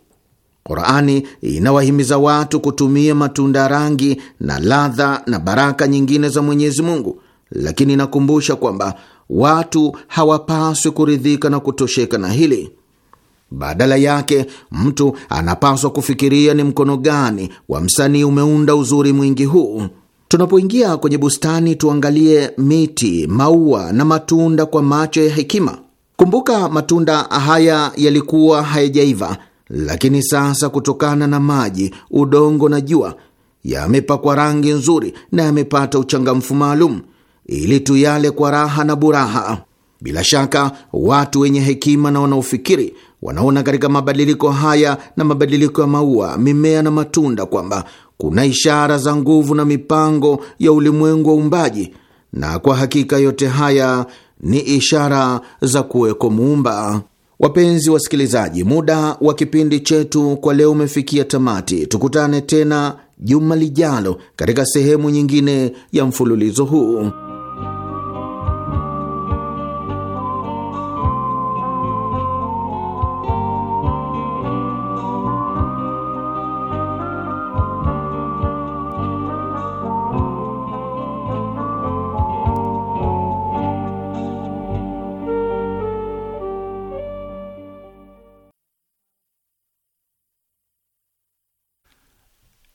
Qurani inawahimiza watu kutumia matunda, rangi na ladha na baraka nyingine za Mwenyezi Mungu, lakini inakumbusha kwamba watu hawapaswi kuridhika na kutosheka na hili. Badala yake, mtu anapaswa kufikiria ni mkono gani wa msanii umeunda uzuri mwingi huu. Tunapoingia kwenye bustani, tuangalie miti, maua na matunda kwa macho ya hekima. Kumbuka, matunda haya yalikuwa hayajaiva lakini sasa kutokana na maji, udongo na jua yamepakwa rangi nzuri na yamepata uchangamfu maalum ili tuyale kwa raha na buraha. Bila shaka watu wenye hekima na wanaofikiri wanaona katika mabadiliko haya na mabadiliko ya maua, mimea na matunda kwamba kuna ishara za nguvu na mipango ya ulimwengu wa uumbaji, na kwa hakika yote haya ni ishara za kuweko muumba. Wapenzi wasikilizaji, muda wa kipindi chetu kwa leo umefikia tamati. Tukutane tena juma lijalo katika sehemu nyingine ya mfululizo huu.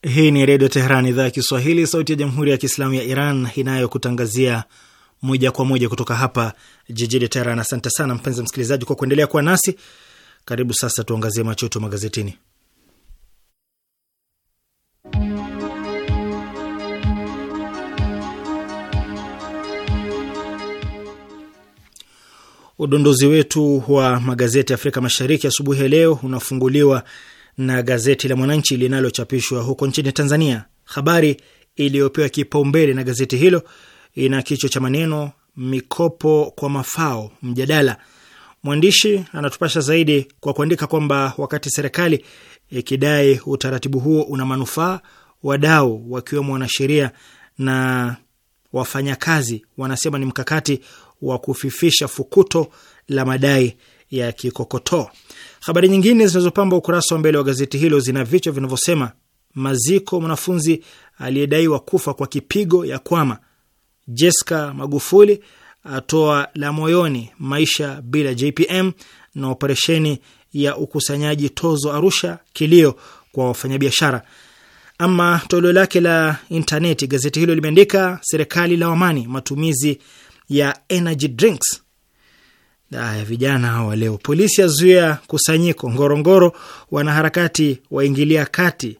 Hii ni Redio Teheran, idhaa ya Kiswahili, sauti ya Jamhuri ya Kiislamu ya Iran inayokutangazia moja kwa moja kutoka hapa jijini Teheran. Asante sana mpenzi msikilizaji kwa kuendelea kuwa nasi. Karibu sasa tuangazie machoto magazetini. Udondozi wetu wa magazeti ya Afrika Mashariki asubuhi ya leo unafunguliwa na gazeti la Mwananchi linalochapishwa huko nchini Tanzania. Habari iliyopewa kipaumbele na gazeti hilo ina kichwa cha maneno mikopo kwa mafao mjadala. Mwandishi anatupasha zaidi kwa kuandika kwamba wakati serikali ikidai utaratibu huo una manufaa, wadau wakiwemo wanasheria na wafanyakazi wanasema ni mkakati wa kufifisha fukuto la madai ya kikokotoo. Habari nyingine zinazopamba ukurasa wa mbele wa gazeti hilo zina vichwa vinavyosema: maziko mwanafunzi aliyedaiwa kufa kwa kipigo ya kwama, Jeska Magufuli atoa la moyoni, maisha bila JPM na operesheni ya ukusanyaji tozo Arusha, kilio kwa wafanyabiashara. Ama toleo lake la intaneti, gazeti hilo limeandika serikali la wamani matumizi ya energy drinks Aya, vijana hawa leo. Polisi yazuia kusanyiko Ngorongoro, wanaharakati waingilia kati,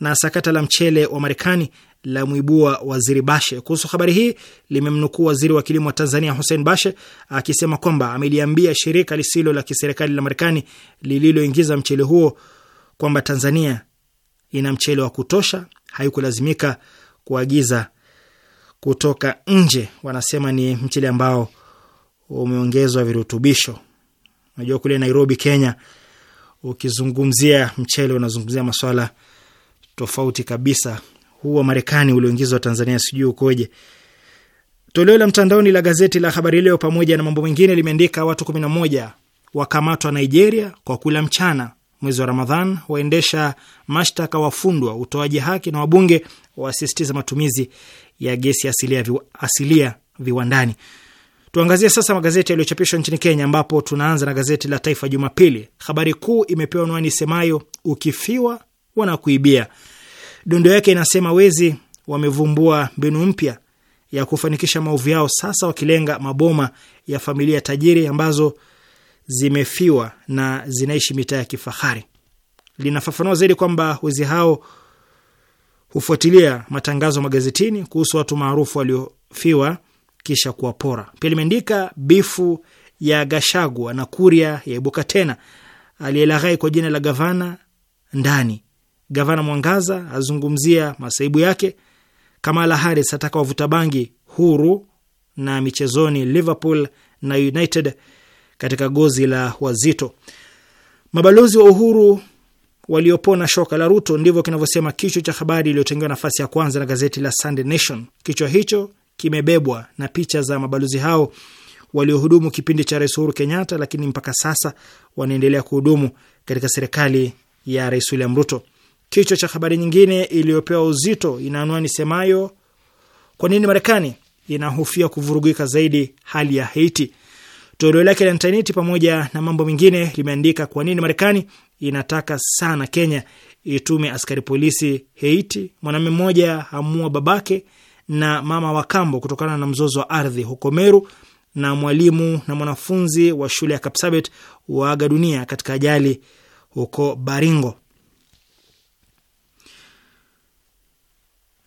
na sakata la mchele wa Marekani la mwibua waziri Bashe. Kuhusu habari hii, limemnukuu waziri wa kilimo wa Tanzania Hussein Bashe akisema kwamba ameliambia shirika lisilo la kiserikali la Marekani lililoingiza mchele huo kwamba Tanzania ina mchele wa kutosha, haikulazimika kuagiza kutoka nje. Wanasema ni mchele ambao umeongezwa virutubisho. Unajua kule Nairobi, Kenya, ukizungumzia mchele unazungumzia maswala tofauti kabisa. Huu wa Marekani ulioingizwa Tanzania sijui ukoje. Toleo la mtandaoni la gazeti la Habari Leo pamoja na mambo mengine limeandika watu 11 wakamatwa Nigeria kwa kula mchana mwezi wa Ramadhan, waendesha mashtaka wafundwa utoaji haki, na wabunge wasisitiza matumizi ya gesi asilia, asilia viwandani. Tuangazie sasa magazeti yaliyochapishwa nchini Kenya, ambapo tunaanza na gazeti la Taifa Jumapili. Habari kuu imepewa anwani semayo ukifiwa wanakuibia. Dondo yake inasema wezi wamevumbua mbinu mpya ya kufanikisha maovu yao, sasa wakilenga maboma ya familia tajiri ambazo zimefiwa na zinaishi mitaa ya kifahari. Linafafanua zaidi kwamba wezi hao hufuatilia matangazo magazetini kuhusu watu maarufu waliofiwa kisha kuwapora. Pia limeandika bifu ya Gashagwa na Kuria yaibuka tena, aliyelaghai kwa jina la gavana ndani. Gavana Mwangaza azungumzia masaibu yake. Kamala Harris ataka wavuta bangi huru na michezoni Liverpool na United katika gozi la wazito. Mabalozi wa uhuru waliopona shoka la Ruto, ndivyo kinavyosema kichwa cha habari iliyotengewa nafasi ya kwanza na gazeti la Sunday Nation. Kichwa hicho kimebebwa na picha za mabalozi hao waliohudumu kipindi cha Rais Uhuru Kenyatta, lakini mpaka sasa wanaendelea kuhudumu katika serikali ya Rais William Ruto. Kichwa cha habari nyingine iliyopewa uzito ina anwani semayo, kwa nini Marekani inahofia kuvurugika zaidi hali ya Haiti. Toleo lake la intaneti, pamoja na mambo mengine, limeandika kwa nini Marekani inataka sana Kenya itume askari polisi Haiti, mwanamume mmoja amua babake na mama wa kambo kutokana na mzozo wa ardhi huko Meru, na mwalimu na mwanafunzi wa shule ya Kapsabet waaga dunia katika ajali huko Baringo.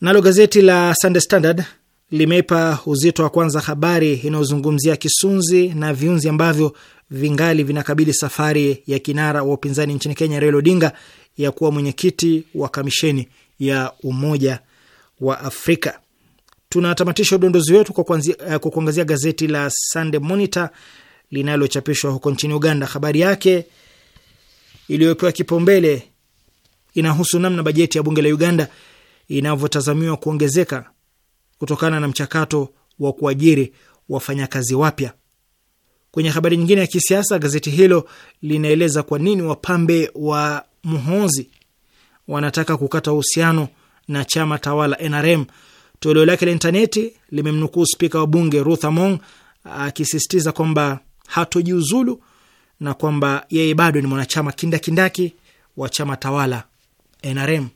Nalo gazeti la Sunday Standard limeipa uzito wa kwanza habari inayozungumzia kisunzi na viunzi ambavyo vingali vinakabili safari ya kinara wa upinzani nchini Kenya, Raila Odinga, ya kuwa mwenyekiti wa kamisheni ya Umoja wa Afrika. Tunatamatisha udondozi wetu eh, kwa kuangazia gazeti la Sunday Monitor linalochapishwa huko nchini Uganda. Habari yake iliyopewa kipaumbele inahusu namna bajeti ya bunge la Uganda inavyotazamiwa kuongezeka kutokana na mchakato wa kuajiri wafanyakazi wapya. Kwenye habari nyingine ya kisiasa, gazeti hilo linaeleza kwa nini wapambe wa mhozi wanataka kukata uhusiano na chama tawala NRM Toleo lake la intaneti limemnukuu spika wa bunge Ruth Among akisisitiza kwamba hatojiuzulu na kwamba yeye bado ni mwanachama kindakindaki wa chama tawala NRM.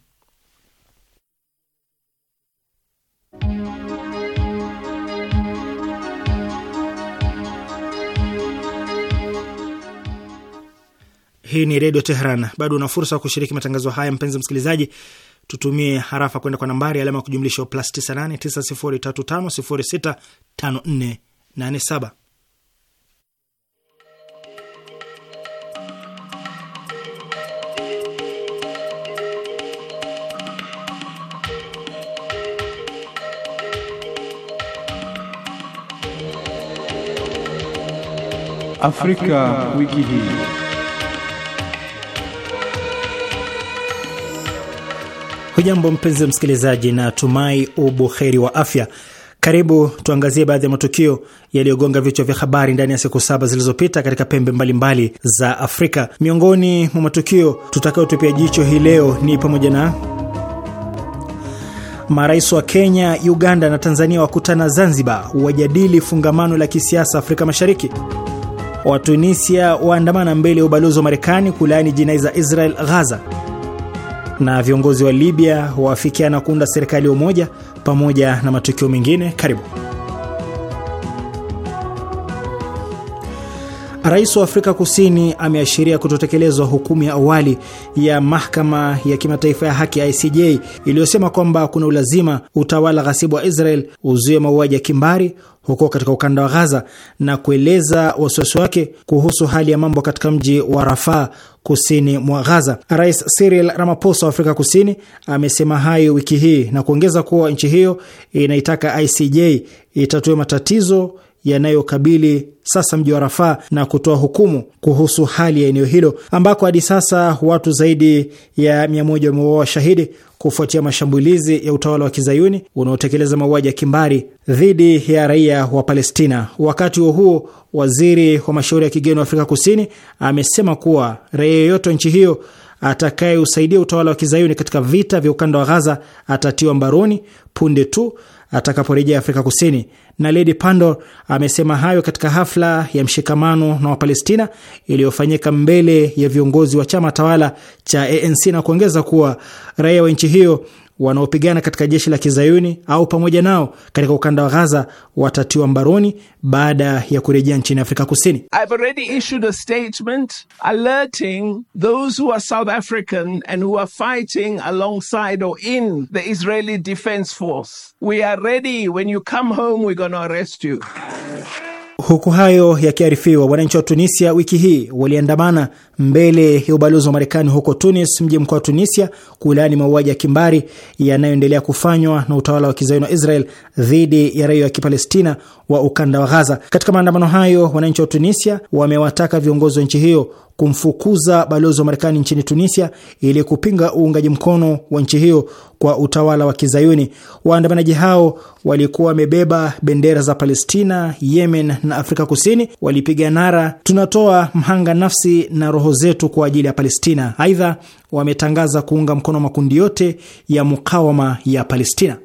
Hii ni Redio Teheran. Bado una fursa ya kushiriki matangazo haya, mpenzi msikilizaji, tutumie harafa kwenda kwa nambari alama ya kujumlisha plus 989035065487. Afrika, Afrika wiki hii. Hujambo mpenzi msikilizaji, na tumai ubuheri wa afya. Karibu tuangazie baadhi ya matukio yaliyogonga vichwa vya habari ndani ya siku saba zilizopita katika pembe mbalimbali mbali za Afrika. Miongoni mwa matukio tutakayotupia jicho hii leo ni pamoja na marais wa Kenya, Uganda na Tanzania wakutana Zanzibar, wajadili fungamano la kisiasa Afrika Mashariki; Watunisia waandamana mbele ya ubalozi wa Marekani kulaani jinai za Israel Ghaza; na viongozi wa Libya waafikiana kuunda serikali ya umoja, pamoja na matukio mengine. Karibu. Rais wa Afrika Kusini ameashiria kutotekelezwa hukumu ya awali ya mahakama ya kimataifa ya haki ICJ iliyosema kwamba kuna ulazima utawala ghasibu wa Israel uzuie mauaji ya kimbari, huko katika ukanda wa Ghaza na kueleza wasiwasi wake kuhusu hali ya mambo katika mji wa Rafaa kusini mwa Ghaza. Rais Cyril Ramaphosa wa Afrika Kusini amesema hayo wiki hii na kuongeza kuwa nchi hiyo inaitaka ICJ itatue matatizo yanayokabili sasa mji wa Rafaa na kutoa hukumu kuhusu hali ya eneo hilo ambako hadi sasa watu zaidi ya 100 wameuawa shahidi kufuatia mashambulizi ya utawala wa kizayuni unaotekeleza mauaji ya kimbari dhidi ya raia wa Palestina. Wakati huo huo, waziri wa mashauri ya kigeni wa Afrika Kusini amesema kuwa raia yoyote wa nchi hiyo atakayeusaidia utawala wa kizayuni katika vita vya ukanda wa Ghaza atatiwa mbaroni punde tu atakaporejea Afrika Kusini. Na Lady Pandor amesema hayo katika hafla ya mshikamano na Wapalestina iliyofanyika mbele ya viongozi wa chama tawala cha ANC na kuongeza kuwa raia wa nchi hiyo wanaopigana katika jeshi la kizayuni au pamoja nao katika ukanda wa Ghaza watatiwa mbaroni baada ya kurejea nchini Afrika Kusini. I've already issued a statement alerting those who are South African and who are fighting alongside or in the Israeli Defense Force. We are ready. When you come home, we're going to arrest you. Huku hayo yakiarifiwa, wananchi wa Tunisia wiki hii waliandamana mbele ya ubalozi wa Marekani huko Tunis, mji mkuu wa Tunisia, kulaani mauaji ya kimbari yanayoendelea kufanywa na utawala wa kizayuni wa Israel dhidi ya raia wa Kipalestina wa ukanda wa Ghaza. Katika maandamano hayo, wananchi wa Tunisia wamewataka viongozi wa nchi hiyo kumfukuza balozi wa Marekani nchini Tunisia ili kupinga uungaji mkono wa nchi hiyo kwa utawala wa Kizayuni. Waandamanaji hao walikuwa wamebeba bendera za Palestina, Yemen na Afrika Kusini. Walipiga nara, tunatoa mhanga nafsi na roho zetu kwa ajili ya Palestina. Aidha, wametangaza kuunga mkono makundi yote ya mukawama ya Palestina.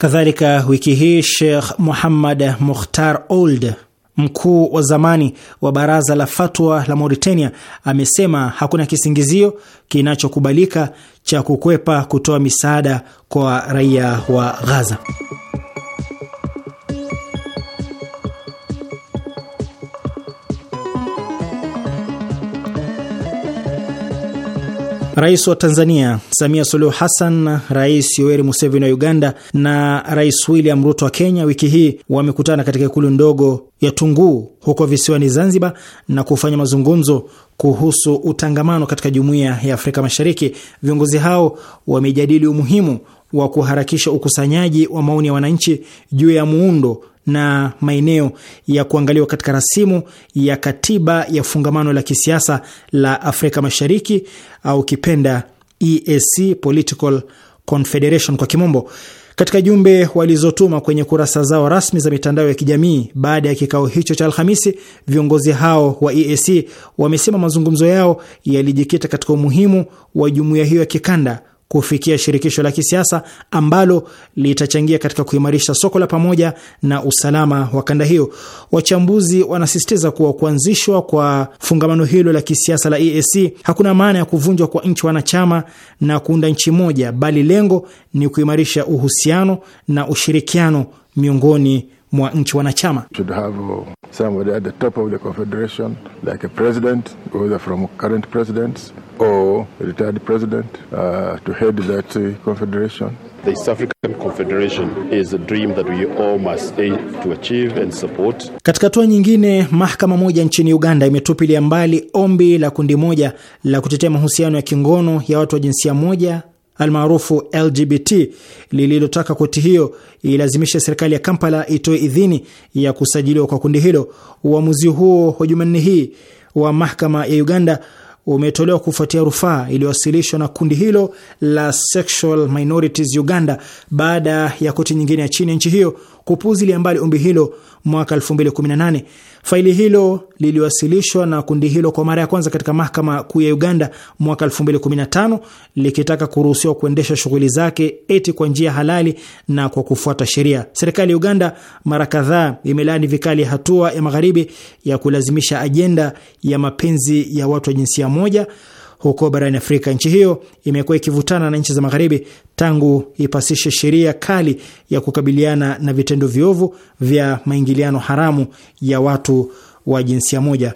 Kadhalika wiki hii Sheikh Muhammad Mukhtar old mkuu wa zamani wa baraza la fatwa la Mauritania, amesema hakuna kisingizio kinachokubalika cha kukwepa kutoa misaada kwa raia wa Ghaza. Rais wa Tanzania Samia Suluhu Hassan, Rais Yoweri Museveni wa Uganda na Rais William Ruto wa Kenya wiki hii wamekutana katika ikulu ndogo ya Tunguu huko visiwani Zanzibar na kufanya mazungumzo kuhusu utangamano katika jumuiya ya Afrika Mashariki. Viongozi hao wamejadili umuhimu wa kuharakisha ukusanyaji wa maoni ya wananchi juu ya muundo na maeneo ya kuangaliwa katika rasimu ya katiba ya fungamano la kisiasa la Afrika Mashariki au kipenda EAC Political Confederation kwa kimombo. Katika jumbe walizotuma kwenye kurasa zao rasmi za mitandao ya kijamii baada ya kikao hicho cha Alhamisi, viongozi hao wa EAC wamesema mazungumzo yao yalijikita katika umuhimu wa jumuiya hiyo ya kikanda kufikia shirikisho la kisiasa ambalo litachangia katika kuimarisha soko la pamoja na usalama wa kanda hiyo. Wachambuzi wanasisitiza kuwa kuanzishwa kwa fungamano hilo la kisiasa la EAC hakuna maana ya kuvunjwa kwa nchi wanachama na kuunda nchi moja, bali lengo ni kuimarisha uhusiano na ushirikiano miongoni mwa nchi wanachama. Uh, the uh, uh, African Confederation is a dream that we all must aim to achieve and support. Katika hatua nyingine, mahakama moja nchini Uganda imetupilia mbali ombi la kundi moja la kutetea mahusiano ya kingono ya watu wa jinsia moja almaarufu LGBT lililotaka koti hiyo ilazimisha serikali ya Kampala itoe idhini ya kusajiliwa kwa kundi hilo. Uamuzi huo wa Jumanne hii wa mahakama ya Uganda umetolewa kufuatia rufaa iliyowasilishwa na kundi hilo la Sexual Minorities Uganda baada ya koti nyingine ya chini ya nchi hiyo kupuzilia mbali ombi hilo mwaka 2018. Faili hilo liliwasilishwa na kundi hilo kwa mara ya kwanza katika mahakama kuu ya Uganda mwaka 2015 likitaka kuruhusiwa kuendesha shughuli zake eti kwa njia halali na kwa kufuata sheria. Serikali ya Uganda mara kadhaa imelaani vikali hatua ya magharibi ya kulazimisha ajenda ya mapenzi ya watu wa jinsia moja huko barani Afrika. Nchi hiyo imekuwa ikivutana na nchi za Magharibi tangu ipasishe sheria kali ya kukabiliana na vitendo viovu vya maingiliano haramu ya watu wa jinsia moja.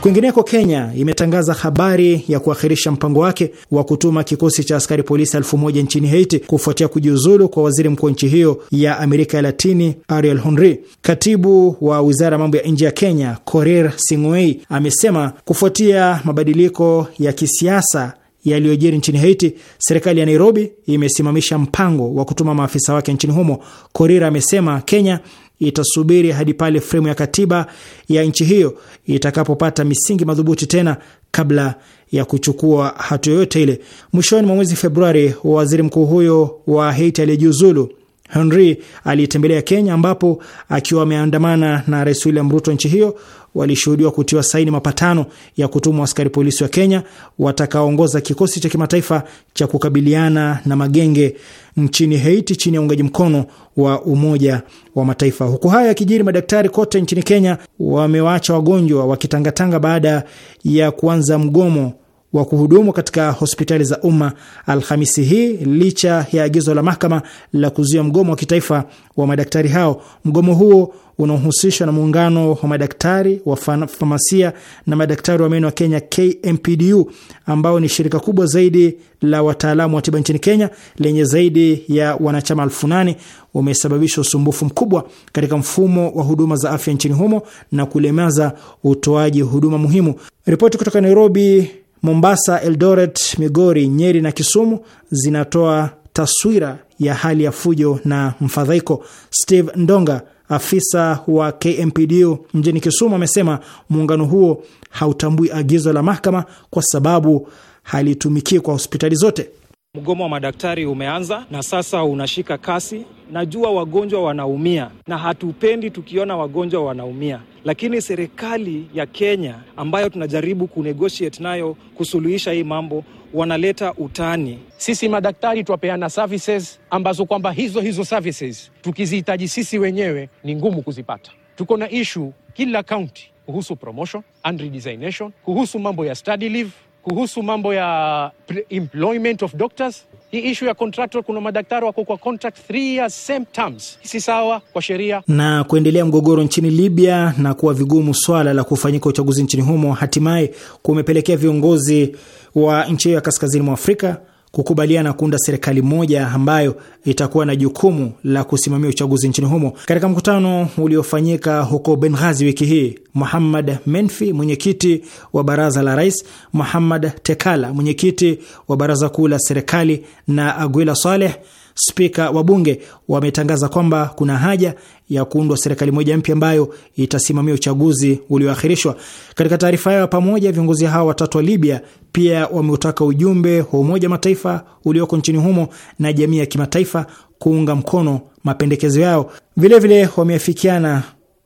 Kwingineko, Kenya imetangaza habari ya kuakhirisha mpango wake wa kutuma kikosi cha askari polisi elfu moja nchini Haiti kufuatia kujiuzulu kwa waziri mkuu wa nchi hiyo ya Amerika ya Latini, Ariel Henry. Katibu wa wizara ya mambo ya nje ya Kenya, Korir Sing'oei, amesema kufuatia mabadiliko ya kisiasa yaliyojiri nchini Haiti, serikali ya Nairobi imesimamisha mpango wa kutuma maafisa wake nchini humo. Korir amesema Kenya itasubiri hadi pale fremu ya katiba ya nchi hiyo itakapopata misingi madhubuti tena kabla ya kuchukua hatua yoyote ile. Mwishoni mwa mwezi Februari, waziri mkuu huyo wa Haiti aliyejiuzulu Henry alitembelea Kenya, ambapo akiwa ameandamana na Rais William Ruto nchi hiyo walishuhudiwa kutiwa saini mapatano ya kutumwa askari polisi wa Kenya watakaoongoza kikosi cha kimataifa cha kukabiliana na magenge nchini Haiti chini ya uungaji mkono wa Umoja wa Mataifa. Huku hayo yakijiri, madaktari kote nchini Kenya wamewaacha wagonjwa wakitangatanga baada ya kuanza mgomo wa kuhudumu katika hospitali za umma Alhamisi hii licha ya agizo la mahakama la kuzuia mgomo wa kitaifa wa madaktari hao. Mgomo huo unaohusishwa na muungano wa madaktari wa famasia na madaktari wa meno wa Kenya KMPDU, ambao ni shirika kubwa zaidi la wataalamu wa tiba nchini Kenya lenye zaidi ya wanachama elfu nane umesababisha usumbufu mkubwa katika mfumo wa huduma za afya nchini humo na kulemaza utoaji huduma muhimu. Ripoti kutoka Nairobi Mombasa, Eldoret, Migori, Nyeri na Kisumu zinatoa taswira ya hali ya fujo na mfadhaiko. Steve Ndonga, afisa wa KMPDU mjini Kisumu, amesema muungano huo hautambui agizo la mahakama kwa sababu halitumikii kwa hospitali zote. Mgomo wa madaktari umeanza na sasa unashika kasi. Najua wagonjwa wanaumia, na hatupendi tukiona wagonjwa wanaumia lakini serikali ya Kenya ambayo tunajaribu kunegotiate nayo kusuluhisha hii mambo wanaleta utani. Sisi madaktari twapeana services ambazo kwamba hizo hizo services tukizihitaji sisi wenyewe ni ngumu kuzipata. Tuko na ishu kila kaunti kuhusu promotion and redesignation, kuhusu mambo ya study leave, kuhusu mambo ya employment of doctors hii ishu ya contractor, kuna madaktari wako kwa contract three years same terms, si sawa kwa sheria. Na kuendelea mgogoro nchini Libya na kuwa vigumu swala la kufanyika uchaguzi nchini humo, hatimaye kumepelekea viongozi wa nchi hiyo ya kaskazini mwa Afrika kukubaliana kuunda serikali moja ambayo itakuwa na jukumu la kusimamia uchaguzi nchini humo. Katika mkutano uliofanyika huko Benghazi wiki hii, Muhammad Menfi, mwenyekiti wa baraza la rais, Muhammad Tekala, mwenyekiti wa baraza kuu la serikali, na Aguila Saleh spika wa bunge wametangaza kwamba kuna haja ya kuundwa serikali moja mpya ambayo itasimamia uchaguzi ulioahirishwa. Katika taarifa yao pamoja, viongozi hao watatu wa Libya pia wameutaka ujumbe wa Umoja Mataifa ulioko nchini humo na jamii ya kimataifa kuunga mkono mapendekezo yao. Vilevile wameafikiana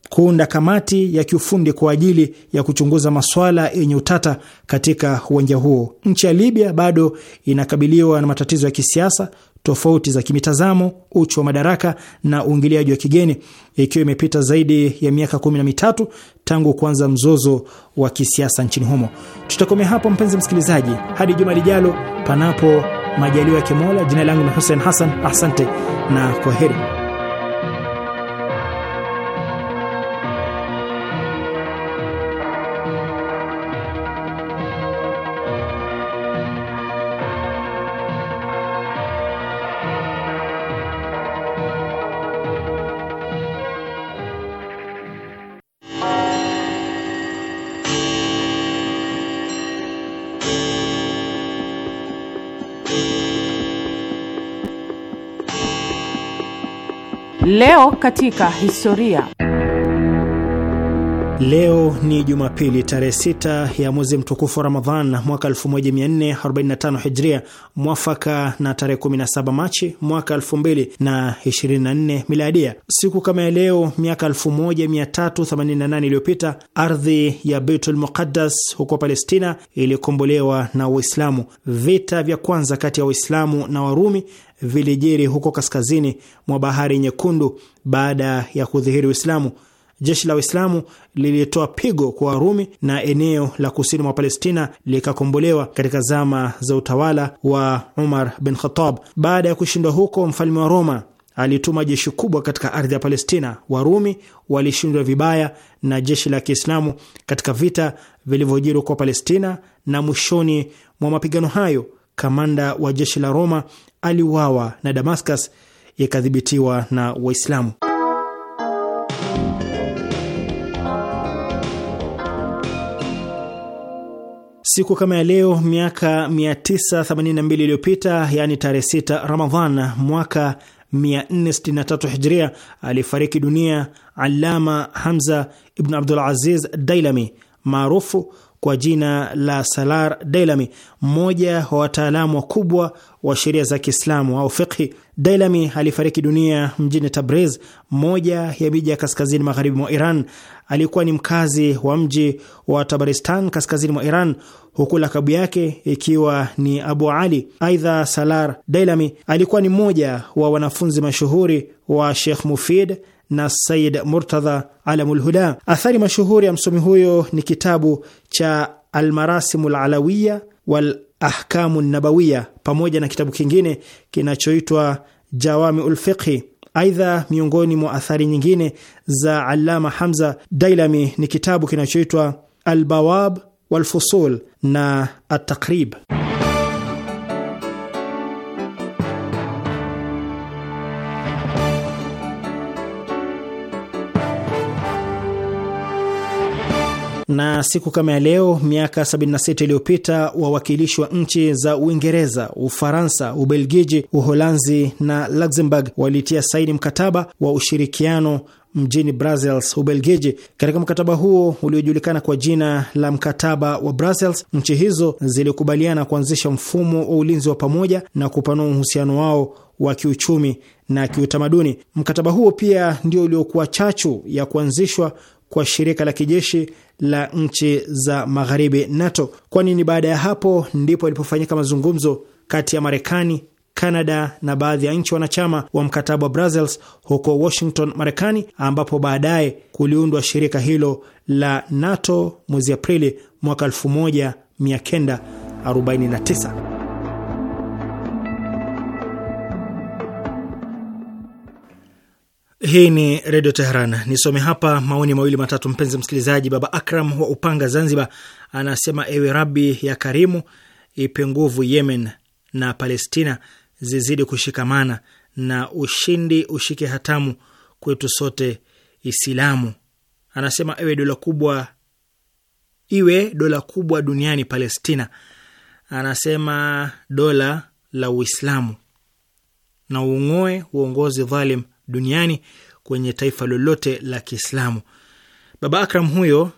kuunda kamati ya kiufundi kwa ajili ya kuchunguza maswala yenye utata katika uwanja huo. Nchi ya Libya bado inakabiliwa na matatizo ya kisiasa, tofauti za kimitazamo, uchu wa madaraka na uingiliaji wa kigeni, ikiwa imepita zaidi ya miaka kumi na mitatu tangu kuanza mzozo wa kisiasa nchini humo. Tutakomea hapo mpenzi msikilizaji, hadi juma lijalo, panapo majaliwa ya Kimola. Jina langu ni Hussein Hassan, asante na kwa heri Leo katika historia. Leo ni Jumapili tarehe sita ya mwezi mtukufu wa Ramadhan mwaka 1445 Hijria, mwafaka na tarehe 17 Machi mwaka 2024 Miladia. Siku kama ya leo miaka 1388 iliyopita, ardhi ya Beitul Muqaddas huko Palestina ilikombolewa na Waislamu. Vita vya kwanza kati ya Waislamu na Warumi vilijiri huko kaskazini mwa bahari Nyekundu baada ya kudhihiri Uislamu. Jeshi la Waislamu lilitoa pigo kwa Warumi na eneo la kusini mwa Palestina likakombolewa katika zama za utawala wa Umar bin Khattab. Baada ya kushindwa huko, mfalme wa Roma alituma jeshi kubwa katika ardhi ya Palestina. Warumi walishindwa vibaya na jeshi la Kiislamu katika vita vilivyojiri huko Palestina, na mwishoni mwa mapigano hayo kamanda wa jeshi la Roma, aliuawa na Damascus ikadhibitiwa na Waislamu. Siku kama ya leo miaka 982 iliyopita, yaani tarehe 6 Ramadhan mwaka 463 Hijria, alifariki dunia Allama Hamza ibn Abdul Aziz Dailami maarufu kwa jina la Salar Dailami, mmoja wa wataalamu wakubwa wa sheria za Kiislamu au fiqhi. Dailami alifariki dunia mjini Tabriz, moja ya miji ya kaskazini magharibi mwa Iran. Alikuwa ni mkazi wa mji wa Tabaristan kaskazini mwa Iran, huku lakabu yake ikiwa ni Abu Ali. Aidha, Salar Dailami alikuwa ni mmoja wa wanafunzi mashuhuri wa Sheikh Mufid na Sayid Murtadha Alamul Huda. Athari mashuhuri ya msomi huyo ni kitabu cha Almarasimu Lalawiya wal Ahkamu Nabawiya pamoja na kitabu kingine kinachoitwa Jawami Ulfiqhi. Aidha, miongoni mwa athari nyingine za Allama Hamza Dailami ni kitabu kinachoitwa Albawab Walfusul na Atakrib. Na siku kama ya leo miaka 76 iliyopita wawakilishi wa nchi za Uingereza, Ufaransa, Ubelgiji, Uholanzi na Luxembourg walitia saini mkataba wa ushirikiano mjini Brussels, Ubelgiji. Katika mkataba huo uliojulikana kwa jina la mkataba wa Brussels, nchi hizo zilikubaliana kuanzisha mfumo wa ulinzi wa pamoja na kupanua uhusiano wao wa kiuchumi na kiutamaduni. Mkataba huo pia ndio uliokuwa chachu ya kuanzishwa kwa shirika la kijeshi la nchi za magharibi NATO, kwani ni baada ya hapo ndipo yalipofanyika mazungumzo kati ya Marekani, Kanada na baadhi ya nchi wanachama wa mkataba wa Brussels huko Washington, Marekani, ambapo baadaye kuliundwa shirika hilo la NATO mwezi Aprili mwaka 1949. Hii ni Redio Teheran. Nisome hapa maoni mawili matatu. Mpenzi msikilizaji, Baba Akram wa Upanga, Zanzibar, anasema ewe Rabi ya Karimu, ipe nguvu Yemen na Palestina zizidi kushikamana na ushindi ushike hatamu kwetu sote Isilamu. Anasema ewe dola kubwa, iwe dola kubwa duniani Palestina. Anasema dola la Uislamu na uung'oe uongozi dhalim duniani kwenye taifa lolote la Kiislamu. Baba Akram huyo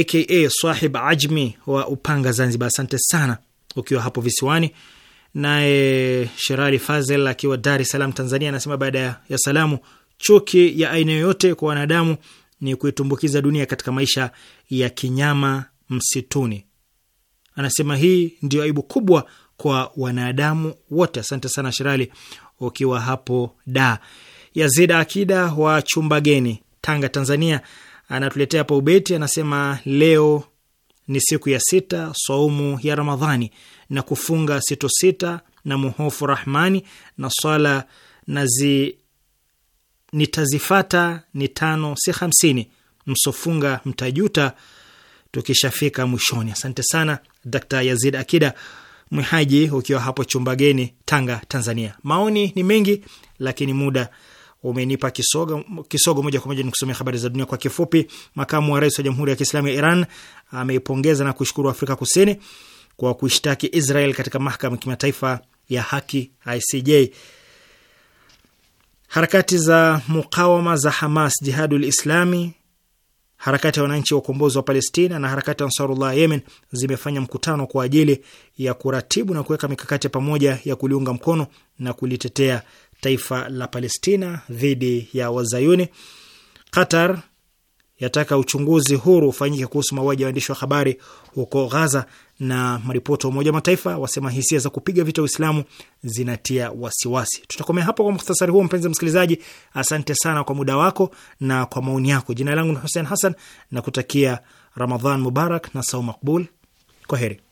aka Sahib Ajmi wa Upanga, Zanzibar, asante sana ukiwa hapo visiwani. Naye Sherali Fazel akiwa Dar es Salaam, Tanzania, anasema baada ya salamu, chuki ya aina yoyote kwa wanadamu ni kuitumbukiza dunia katika maisha ya kinyama msituni. Anasema hii ndio aibu kubwa kwa wanadamu wote. Asante sana Sherali ukiwa hapo Da. Yazida Akida wa chumba geni Tanga, Tanzania, anatuletea hapa ubeti. Anasema leo ni siku ya sita saumu ya Ramadhani na kufunga sitosita na muhofu Rahmani na swala nazi nitazifata ni tano si hamsini, msofunga mtajuta tukishafika mwishoni. Asante sana Dr. Yazid Akida Mwihaji, ukiwa hapo Chumbageni, Tanga, Tanzania. Maoni ni mengi, lakini muda umenipa kisogo, kisogo. Moja kwa moja ni kusomea habari za dunia kwa kifupi. Makamu wa rais wa Jamhuri ya Kiislamu ya Iran ameipongeza na kushukuru Afrika Kusini kwa kuishtaki Israel katika mahakama kimataifa ya haki ICJ. Harakati za mukawama za Hamas, Jihadul Islami, harakati ya wananchi wa ukombozi wa Palestina na harakati ya Ansarullah Yemen zimefanya mkutano kwa ajili ya kuratibu na kuweka mikakati ya pamoja ya kuliunga mkono na kulitetea taifa la Palestina dhidi ya Wazayuni. Qatar yataka uchunguzi huru ufanyike kuhusu mauaji ya waandishi wa habari huko Ghaza, na maripoti wa Umoja wa Mataifa wasema hisia za kupiga vita Uislamu zinatia wasiwasi. Tutakomea hapo kwa muhtasari huo. Mpenzi msikilizaji, asante sana kwa muda wako na kwa maoni yako. Jina langu ni Hussein Hassan na kutakia Ramadhan Mubarak na sau makbul. Kwa heri.